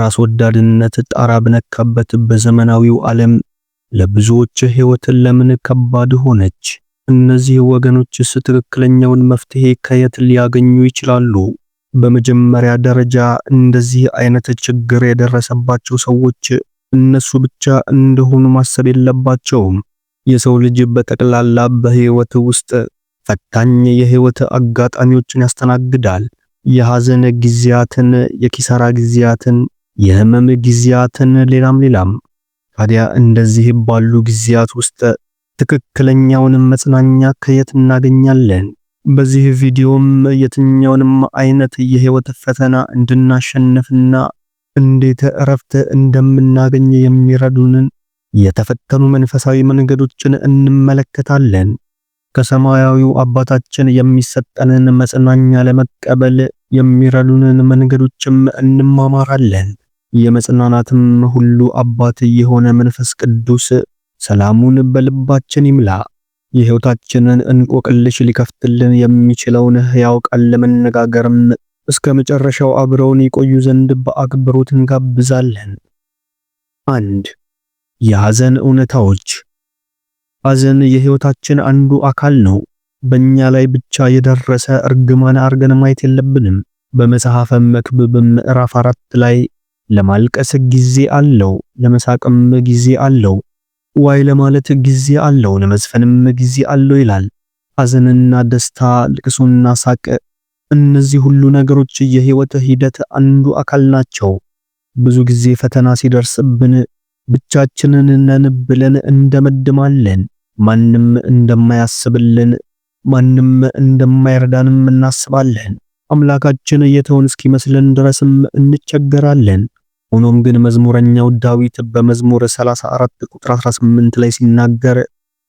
ራስ ወዳድነት ጣራ በነካበት በዘመናዊው ዓለም ለብዙዎች ህይወት ለምን ከባድ ሆነች? እነዚህ ወገኖችስ ትክክለኛውን መፍትሄ ከየት ሊያገኙ ይችላሉ? በመጀመሪያ ደረጃ እንደዚህ አይነት ችግር የደረሰባቸው ሰዎች እነሱ ብቻ እንደሆኑ ማሰብ የለባቸውም። የሰው ልጅ በጠቅላላ በሕይወት ውስጥ ፈታኝ የሕይወት አጋጣሚዎችን ያስተናግዳል። የሐዘን ጊዜያትን፣ የኪሳራ ጊዜያትን፣ የህመም ጊዜያትን ሌላም ሌላም። ታዲያ እንደዚህ ባሉ ጊዜያት ውስጥ ትክክለኛውን መጽናኛ ከየት እናገኛለን? በዚህ ቪዲዮም የትኛውንም አይነት የህይወት ፈተና እንድናሸነፍና እንዴት እረፍት እንደምናገኝ የሚረዱንን የተፈተኑ መንፈሳዊ መንገዶችን እንመለከታለን። ከሰማያዊው አባታችን የሚሰጠንን መጽናኛ ለመቀበል የሚረዱንን መንገዶችም እንማማራለን። የመጽናናትም ሁሉ አባት የሆነ መንፈስ ቅዱስ ሰላሙን በልባችን ይምላ። የህይወታችንን እንቆቅልሽ ሊከፍትልን የሚችለውን ሕያው ቃል ለመነጋገርም እስከ መጨረሻው አብረውን ይቆዩ ዘንድ በአክብሮት እንጋብዛለን። አንድ የሐዘን እውነታዎች። ሐዘን የህይወታችን አንዱ አካል ነው። በእኛ ላይ ብቻ የደረሰ እርግማን አርገን ማየት የለብንም። በመጽሐፈ መክብብ ምዕራፍ አራት ላይ ለማልቀስ ጊዜ አለው፣ ለመሳቅም ጊዜ አለው፣ ዋይ ለማለት ጊዜ አለው፣ ለመዝፈንም ጊዜ አለው ይላል። ሐዘንና ደስታ፣ ልቅሶና ሳቅ፣ እነዚህ ሁሉ ነገሮች የህይወት ሂደት አንዱ አካል ናቸው። ብዙ ጊዜ ፈተና ሲደርስብን ብቻችንን ነን ብለን እንደመድማለን። ማንም እንደማያስብልን ማንም እንደማይረዳንም እናስባለን። አምላካችን የተውን እስኪመስለን ድረስም እንቸገራለን። ሆኖም ግን መዝሙረኛው ዳዊት በመዝሙር 34 ቁጥር 18 ላይ ሲናገር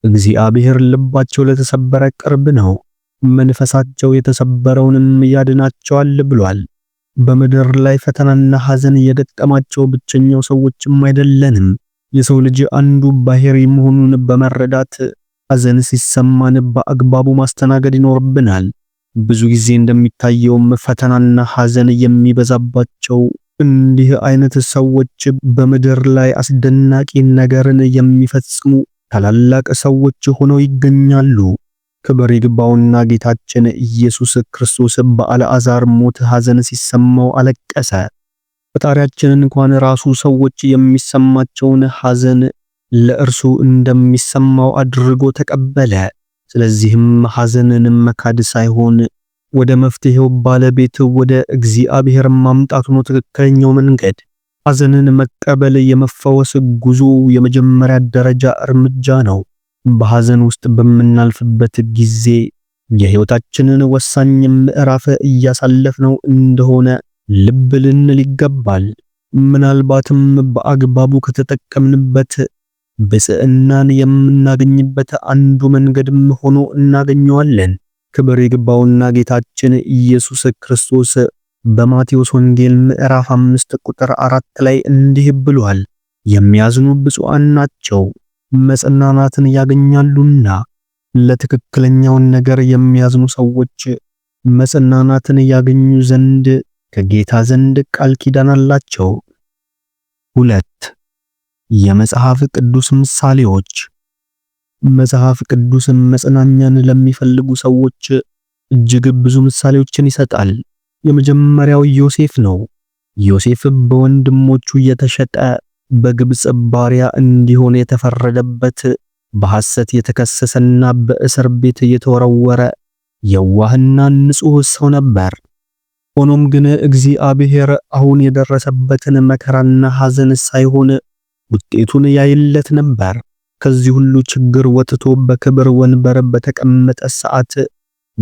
እግዚአብሔር ልባቸው ለተሰበረ ቅርብ ነው፣ መንፈሳቸው የተሰበረውንም ያድናቸዋል ብሏል። በምድር ላይ ፈተናና ሐዘን የገጠማቸው ብቸኛው ሰዎችም አይደለንም። የሰው ልጅ አንዱ ባህሪ መሆኑን በመረዳት ሐዘን ሲሰማን በአግባቡ ማስተናገድ ይኖርብናል። ብዙ ጊዜ እንደሚታየውም ፈተናና ሐዘን የሚበዛባቸው እንዲህ አይነት ሰዎች በምድር ላይ አስደናቂ ነገርን የሚፈጽሙ ታላላቅ ሰዎች ሆነው ይገኛሉ። ክብር ይግባውና ጌታችን ኢየሱስ ክርስቶስ በአልዓዛር ሞት ሐዘን ሲሰማው አለቀሰ። ፈጣሪያችን እንኳን ራሱ ሰዎች የሚሰማቸውን ሐዘን ለእርሱ እንደሚሰማው አድርጎ ተቀበለ። ስለዚህም ሐዘንን መካድ ሳይሆን ወደ መፍትሄው ባለቤት ወደ እግዚአብሔር ማምጣቱ ነው ትክክለኛው መንገድ። ሐዘንን መቀበል የመፈወስ ጉዞ የመጀመሪያ ደረጃ እርምጃ ነው። በሐዘን ውስጥ በምናልፍበት ጊዜ የህይወታችንን ወሳኝ ምዕራፍ እያሳለፍነው እንደሆነ ልብ ልንል ይገባል። ምናልባትም በአግባቡ ከተጠቀምንበት ብጽዕናን የምናገኝበት አንዱ መንገድም ሆኖ እናገኘዋለን። ክብር ይግባውና ጌታችን ኢየሱስ ክርስቶስ በማቴዎስ ወንጌል ምዕራፍ 5 ቁጥር 4 ላይ እንዲህ ብሏል፣ የሚያዝኑ ብፁዓን ናቸው መጽናናትን ያገኛሉና። ለትክክለኛውን ነገር የሚያዝኑ ሰዎች መጽናናትን ያገኙ ዘንድ ከጌታ ዘንድ ቃል ኪዳን አላቸው። ሁለት የመጽሐፍ ቅዱስ ምሳሌዎች መጽሐፍ ቅዱስን መጽናኛን ለሚፈልጉ ሰዎች እጅግ ብዙ ምሳሌዎችን ይሰጣል። የመጀመሪያው ዮሴፍ ነው። ዮሴፍ በወንድሞቹ የተሸጠ በግብፅ ባሪያ እንዲሆን የተፈረደበት በሐሰት የተከሰሰና በእስር ቤት የተወረወረ የዋህና ንጹሕ ሰው ነበር። ሆኖም ግን እግዚአብሔር አሁን የደረሰበትን መከራና ሐዘን ሳይሆን ውጤቱን ያይለት ነበር። ከዚህ ሁሉ ችግር ወጥቶ በክብር ወንበር በተቀመጠ ሰዓት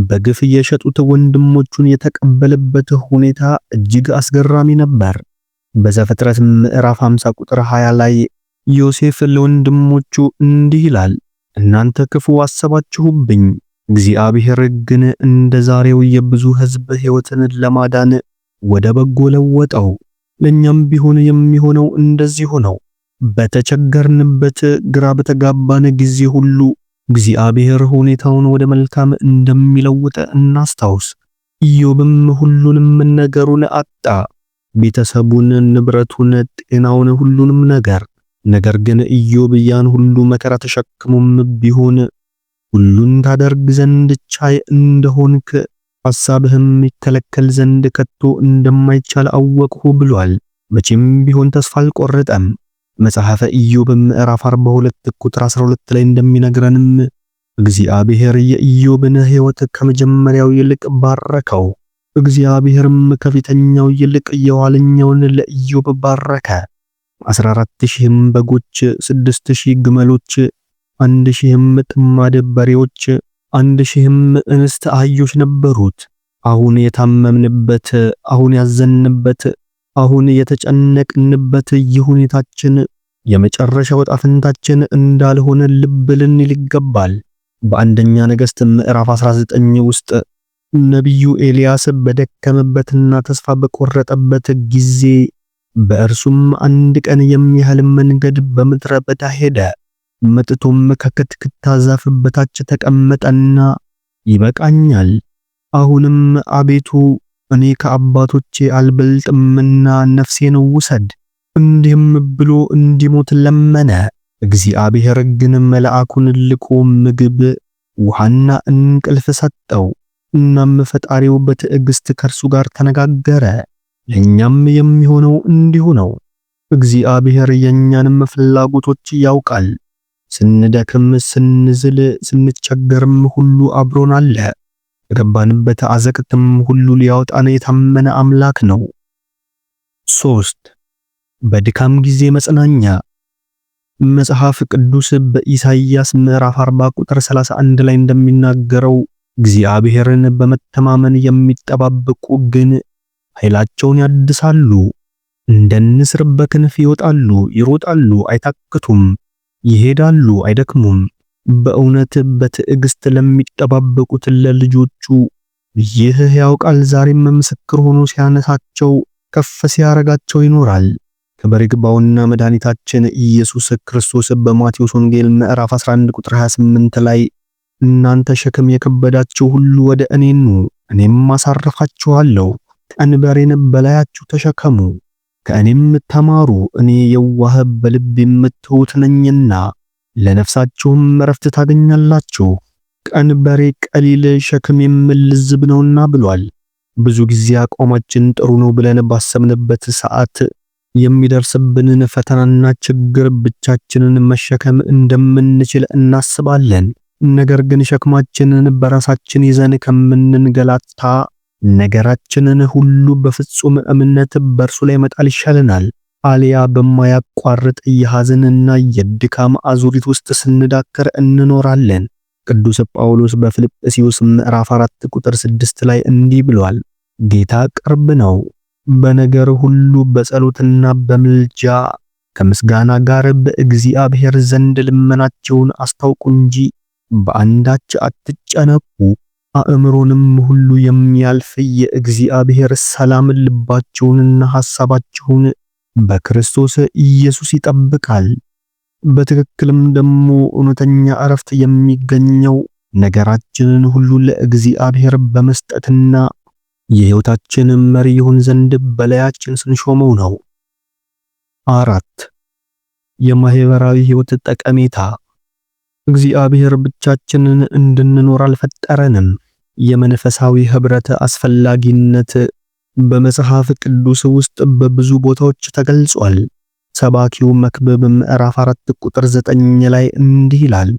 በግፍ የሸጡት ወንድሞቹን የተቀበለበት ሁኔታ እጅግ አስገራሚ ነበር። በዘፍጥረት ምዕራፍ 50 ቁጥር 20 ላይ ዮሴፍ ለወንድሞቹ እንዲህ ይላል፣ እናንተ ክፉ አሰባችሁብኝ፣ እግዚአብሔር ግን እንደ ዛሬው የብዙ ሕዝብ ሕይወትን ለማዳን ወደ በጎ ለወጠው። ለእኛም ቢሆን የሚሆነው እንደዚህ ሆነው በተቸገርንበት ግራ በተጋባን ጊዜ ሁሉ እግዚአብሔር ሁኔታውን ወደ መልካም እንደሚለውጥ እናስታውስ። ኢዮብም ሁሉንም ነገሩን አጣ፣ ቤተሰቡን፣ ንብረቱን፣ ጤናውን፣ ሁሉንም ነገር። ነገር ግን ኢዮብ ያን ሁሉ መከራ ተሸክሞም ቢሆን ሁሉን ታደርግ ዘንድ ቻይ እንደሆንክ ሐሳብህም ይከለከል ዘንድ ከቶ እንደማይቻል አወቅሁ ብሏል። መቼም ቢሆን ተስፋ አልቆረጠም። መጽሐፈ ኢዮብ ምዕራፍ 42 ቁጥር 12 ላይ እንደሚነግረንም እግዚአብሔር የኢዮብን ሕይወት ከመጀመሪያው ይልቅ ባረከው። እግዚአብሔርም ከፊተኛው ይልቅ የኋለኛውን ለኢዮብ ባረከ። 14000 በጎች፣ 6000 ግመሎች፣ 1000 ጥማድ በሬዎች፣ 1000 እንስት አህዮች ነበሩት። አሁን የታመምንበት አሁን ያዘንበት አሁን የተጨነቅንበት የሁኔታችን የመጨረሻው ዕጣ እንዳልሆነ ልብ ልንል ይገባል። በአንደኛ ነገሥት ምዕራፍ 19 ውስጥ ነቢዩ ኤልያስ በደከመበትና ተስፋ በቆረጠበት ጊዜ በእርሱም አንድ ቀን የሚያህል መንገድ በምድረ በዳ ሄደ። መጥቶም ከክትክታ ዛፍ በታች ተቀመጠና ይበቃኛል፣ አሁንም አቤቱ እኔ ከአባቶቼ አልበልጥምና ነፍሴን ውሰድ እንዲህም ብሎ እንዲሞት ለመነ። እግዚአብሔር ግን መልአኩን ልኮ ምግብ ውሃና እንቅልፍ ሰጠው። እናም ፈጣሪው በትዕግስት ከእርሱ ጋር ተነጋገረ። ለእኛም የሚሆነው እንዲሁ ነው። እግዚአብሔር የእኛንም ፍላጎቶች ያውቃል። ስንደክም፣ ስንዝል፣ ስንቸገርም ሁሉ አብሮን አለ። ከገባንበት አዘቅትም ሁሉ ሊያወጣን የታመነ አምላክ ነው። ሶስት በድካም ጊዜ መጽናኛ። መጽሐፍ ቅዱስ በኢሳይያስ ምዕራፍ 40 ቁጥር 31 ላይ እንደሚናገረው እግዚአብሔርን በመተማመን የሚጠባበቁ ግን ኃይላቸውን ያድሳሉ፣ እንደ ንስር በክንፍ ይወጣሉ፣ ይሮጣሉ፣ አይታክቱም፣ ይሄዳሉ፣ አይደክሙም በእውነት በትዕግስት ለሚጠባበቁት ለልጆቹ ይህ ሕያው ቃል ዛሬም ምስክር ሆኖ ሲያነሳቸው ከፍ ሲያረጋቸው ይኖራል። ክብር ይግባውና መድኃኒታችን ኢየሱስ ክርስቶስ በማቴዎስ ወንጌል ምዕራፍ 11 ቁጥር 28 ላይ እናንተ ሸክም የከበዳችሁ ሁሉ ወደ እኔ ኑ፣ እኔም አሳርፋችኋለሁ፣ ቀንበሬን በላያችሁ ተሸከሙ፣ ከእኔም ተማሩ፣ እኔ የዋህ በልብ የምትሁት ነኝና ለነፍሳችሁም እረፍት ታገኛላችሁ። ቀንበሬ ቀሊል ሸክም የምልዝብ ነውና ብሏል። ብዙ ጊዜ አቋማችን ጥሩ ነው ብለን ባሰብንበት ሰዓት የሚደርስብንን ፈተናና ችግር ብቻችንን መሸከም እንደምንችል እናስባለን። ነገር ግን ሸክማችንን በራሳችን ይዘን ከምንንገላታ ነገራችንን ሁሉ በፍጹም እምነት በእርሱ ላይ መጣል ይሻለናል። አሊያ በማያቋርጥ የሐዘንና የድካም አዙሪት ውስጥ ስንዳከር እንኖራለን። ቅዱስ ጳውሎስ በፊልጵስዩስ ምዕራፍ 4 ቁጥር 6 ላይ እንዲህ ብሏል፣ ጌታ ቅርብ ነው። በነገር ሁሉ በጸሎትና በምልጃ ከምስጋና ጋር በእግዚአብሔር ዘንድ ልመናቸውን አስታውቁ እንጂ በአንዳች አትጨነቁ። አእምሮንም ሁሉ የሚያልፍ የእግዚአብሔር ሰላም ልባቸውንና ሐሳባቸውን በክርስቶስ ኢየሱስ ይጠብቃል። በትክክልም ደግሞ እውነተኛ እረፍት የሚገኘው ነገራችንን ሁሉ ለእግዚአብሔር በመስጠትና የሕይወታችን መሪ ይሁን ዘንድ በላያችን ስንሾመው ነው። አራት የማህበራዊ ሕይወት ጠቀሜታ እግዚአብሔር ብቻችንን እንድንኖር አልፈጠረንም። የመንፈሳዊ ህብረት አስፈላጊነት በመጽሐፍ ቅዱስ ውስጥ በብዙ ቦታዎች ተገልጿል። ሰባኪው መክብብ ምዕራፍ 4 ቁጥር 9 ላይ እንዲህ ይላል፣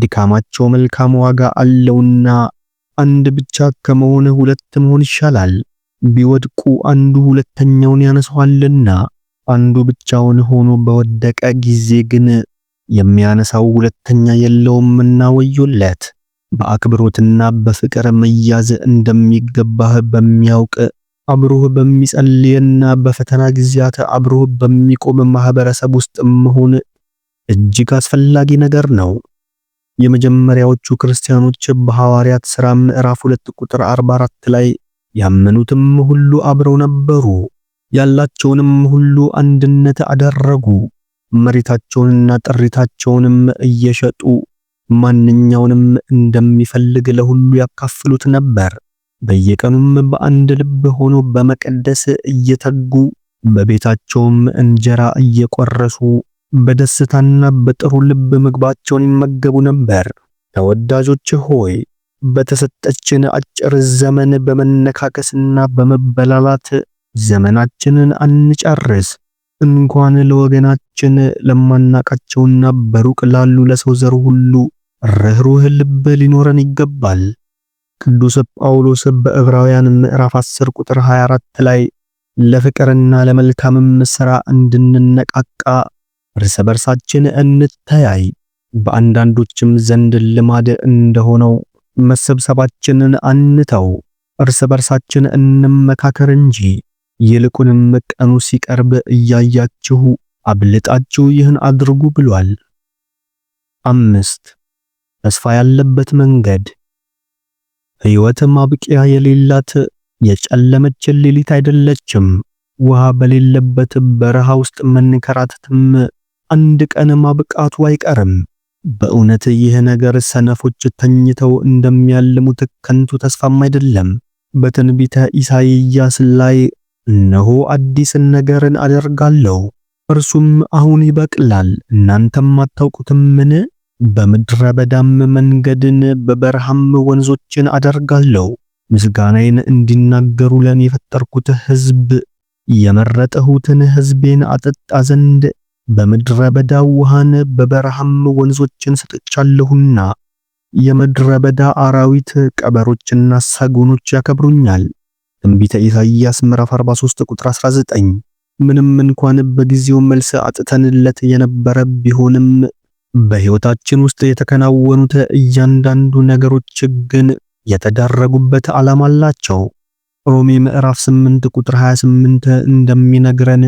ድካማቸው መልካም ዋጋ አለውና አንድ ብቻ ከመሆነ ሁለት መሆን ይሻላል፣ ቢወድቁ አንዱ ሁለተኛውን ያነሳዋልና። አንዱ ብቻውን ሆኖ በወደቀ ጊዜ ግን የሚያነሳው ሁለተኛ የለውምና ወዮለት። በአክብሮትና በፍቅር መያዝ እንደሚገባህ በሚያውቅ አብሮህ በሚጸልየና በፈተና ጊዜያት አብሮህ በሚቆም ማህበረሰብ ውስጥ መሆን እጅግ አስፈላጊ ነገር ነው። የመጀመሪያዎቹ ክርስቲያኖች በሐዋርያት ሥራ ምዕራፍ 2 ቁጥር 44 ላይ ያመኑትም ሁሉ አብረው ነበሩ፣ ያላቸውንም ሁሉ አንድነት አደረጉ፣ መሬታቸውንና ጥሪታቸውንም እየሸጡ ማንኛውንም እንደሚፈልግ ለሁሉ ያካፍሉት ነበር። በየቀኑም በአንድ ልብ ሆኖ በመቀደስ እየተጉ በቤታቸውም እንጀራ እየቆረሱ በደስታና በጥሩ ልብ ምግባቸውን ይመገቡ ነበር። ተወዳጆች ሆይ በተሰጠችን አጭር ዘመን በመነካከስና በመበላላት ዘመናችንን አንጨርስ። እንኳን ለወገናችን ለማናቃቸውና በሩቅ ላሉ ለሰው ዘር ሁሉ ርህሩህ ልብ ሊኖረን ይገባል። ቅዱስ ጳውሎስ በዕብራውያን ምዕራፍ 10 ቁጥር 24 ላይ ለፍቅርና ለመልካምም ሥራ እንድንነቃቃ እርስ በርሳችን እንተያይ፣ በአንዳንዶችም ዘንድ ልማድ እንደሆነው መሰብሰባችንን አንተው፣ እርስ በርሳችን እንመካከር እንጂ ይልቁንም ቀኑ ሲቀርብ እያያችሁ አብልጣችሁ ይህን አድርጉ ብሏል። አምስት ተስፋ ያለበት መንገድ ሕይወት ማብቂያ የሌላት የጨለመች ሌሊት አይደለችም። ውሃ በሌለበት በረሃ ውስጥ መንከራተትም አንድ ቀን ማብቃቱ አይቀርም። በእውነት ይህ ነገር ሰነፎች ተኝተው እንደሚያልሙት ከንቱ ተስፋም አይደለም። በትንቢተ ኢሳይያስ ላይ እነሆ አዲስ ነገርን አደርጋለሁ፣ እርሱም አሁን ይበቅላል፣ እናንተም አታውቁትምን በምድረ በዳም መንገድን በበረሃም ወንዞችን አደርጋለሁ። ምስጋናዬን እንዲናገሩ ለኔ የፈጠርኩት ሕዝብ የመረጠሁትን ሕዝቤን አጠጣ ዘንድ በምድረ በዳ ውሃን በበረሃም ወንዞችን ሰጥቻለሁና የምድረ በዳ አራዊት ቀበሮችና ሰጎኖች ያከብሩኛል። ትንቢተ ኢሳይያስ ምዕራፍ 43 ቁጥር 19። ምንም እንኳን በጊዜው መልስ አጥተንለት የነበረ ቢሆንም በህይወታችን ውስጥ የተከናወኑት እያንዳንዱ ነገሮች ግን የተዳረጉበት ዓላማ አላቸው። ሮሜ ምዕራፍ 8 ቁጥር 28 እንደሚነግረን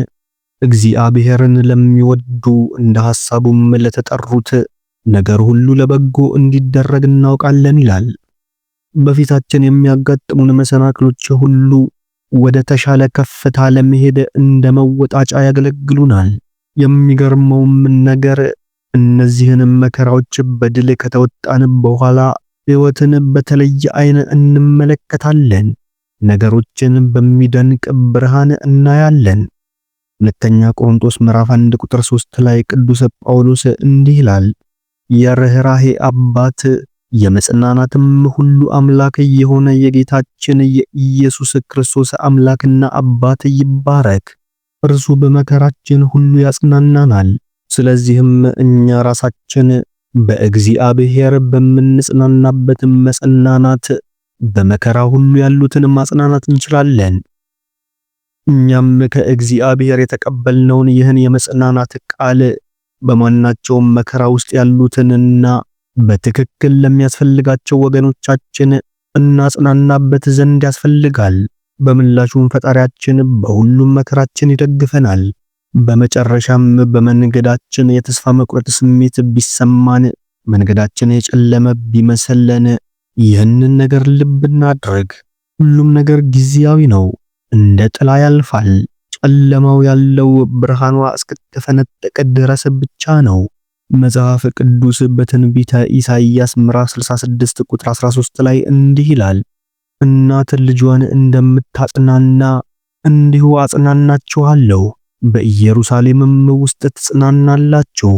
እግዚአብሔርን ለሚወዱ እንደ ሐሳቡም ለተጠሩት ነገር ሁሉ ለበጎ እንዲደረግ እናውቃለን ይላል። በፊታችን የሚያጋጥሙን መሰናክሎች ሁሉ ወደ ተሻለ ከፍታ ለመሄድ እንደ መወጣጫ ያገለግሉናል። የሚገርመውም ነገር እነዚህንም መከራዎች በድል ከተወጣን በኋላ ሕይወትን በተለየ አይን እንመለከታለን። ነገሮችን በሚደንቅ ብርሃን እናያለን። ሁለተኛ ቆሮንቶስ ምዕራፍ 1 ቁጥር 3 ላይ ቅዱስ ጳውሎስ እንዲህ ይላል፣ የርኅራሄ አባት የመጽናናትም ሁሉ አምላክ የሆነ የጌታችን የኢየሱስ ክርስቶስ አምላክና አባት ይባረክ። እርሱ በመከራችን ሁሉ ያጽናናናል ስለዚህም እኛ ራሳችን በእግዚአብሔር በምንጽናናበት መጽናናት በመከራ ሁሉ ያሉትን ማጽናናት እንችላለን። እኛም ከእግዚአብሔር የተቀበልነውን ይህን የመጽናናት ቃል በማናቸውም መከራ ውስጥ ያሉትንና በትክክል ለሚያስፈልጋቸው ወገኖቻችን እናጽናናበት ዘንድ ያስፈልጋል። በምላሹም ፈጣሪያችን በሁሉም መከራችን ይደግፈናል። በመጨረሻም በመንገዳችን የተስፋ መቁረጥ ስሜት ቢሰማን፣ መንገዳችን የጨለመ ቢመሰለን ይህንን ነገር ልብ እናድርግ። ሁሉም ነገር ጊዜያዊ ነው፣ እንደ ጥላ ያልፋል። ጨለማው ያለው ብርሃኗ እስከተፈነጠቀ ድረስ ብቻ ነው። መጽሐፍ ቅዱስ በትንቢተ ኢሳይያስ ምዕራፍ 66 ቁጥር 13 ላይ እንዲህ ይላል፣ እናት ልጇን እንደምታጽናና እንዲሁ አጽናናችኋለሁ በኢየሩሳሌምም ውስጥ ትጽናናላችሁ፣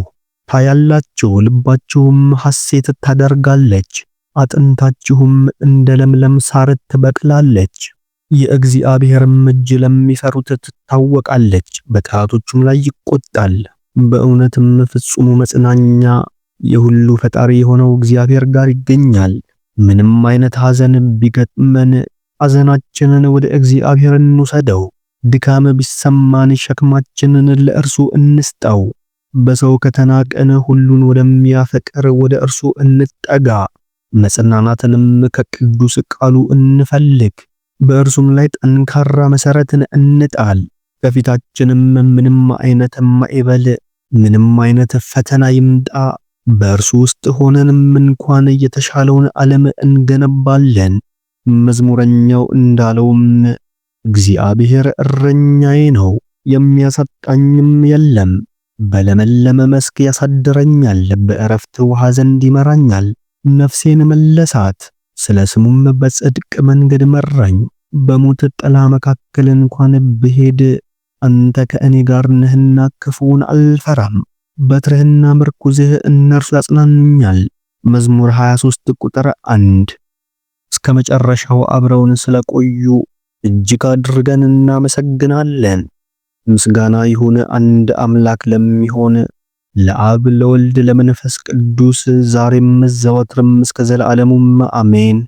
ታያላችሁ፣ ልባችሁም ሐሴት ታደርጋለች፣ አጥንታችሁም እንደ ለምለም ሳር ትበቅላለች። የእግዚአብሔርም እጅ ለሚፈሩት ትታወቃለች፣ በጠላቶቹም ላይ ይቆጣል። በእውነትም ፍጹሙ መጽናኛ የሁሉ ፈጣሪ የሆነው እግዚአብሔር ጋር ይገኛል። ምንም አይነት ሐዘን ቢገጥመን ሐዘናችንን ወደ እግዚአብሔር እንውሰደው። ድካም ቢሰማን ሸክማችንን ለእርሱ እንስጠው። በሰው ከተናቀን ሁሉን ወደሚያፈቅር ወደ እርሱ እንጠጋ። መጽናናትንም ከቅዱስ ቃሉ እንፈልግ። በእርሱም ላይ ጠንካራ መሰረትን እንጣል። ከፊታችንም ምንም አይነት ማዕበል፣ ምንም አይነት ፈተና ይምጣ፣ በእርሱ ውስጥ ሆነንም እንኳን የተሻለውን ዓለም እንገነባለን። መዝሙረኛው እንዳለውም እግዚአብሔር እረኛዬ ነው፣ የሚያሳጣኝም የለም። በለመለመ መስክ ያሳድረኛል፣ በእረፍት ውሃ ዘንድ ይመራኛል። ነፍሴን መለሳት፣ ስለ ስሙም በጽድቅ መንገድ መራኝ። በሞት ጥላ መካከል እንኳን ብሄድ አንተ ከእኔ ጋር ነህና ክፉውን አልፈራም። በትርህና ምርኩዝህ እነርሱ ያጽናኑኛል። መዝሙር 23 ቁጥር 1 እስከ መጨረሻው አብረውን ስለቆዩ እጅግ አድርገን እናመሰግናለን። ምስጋና ይሁን አንድ አምላክ ለሚሆን ለአብ ለወልድ ለመንፈስ ቅዱስ ዛሬም ዘወትርም እስከ ዘለዓለሙም አሜን።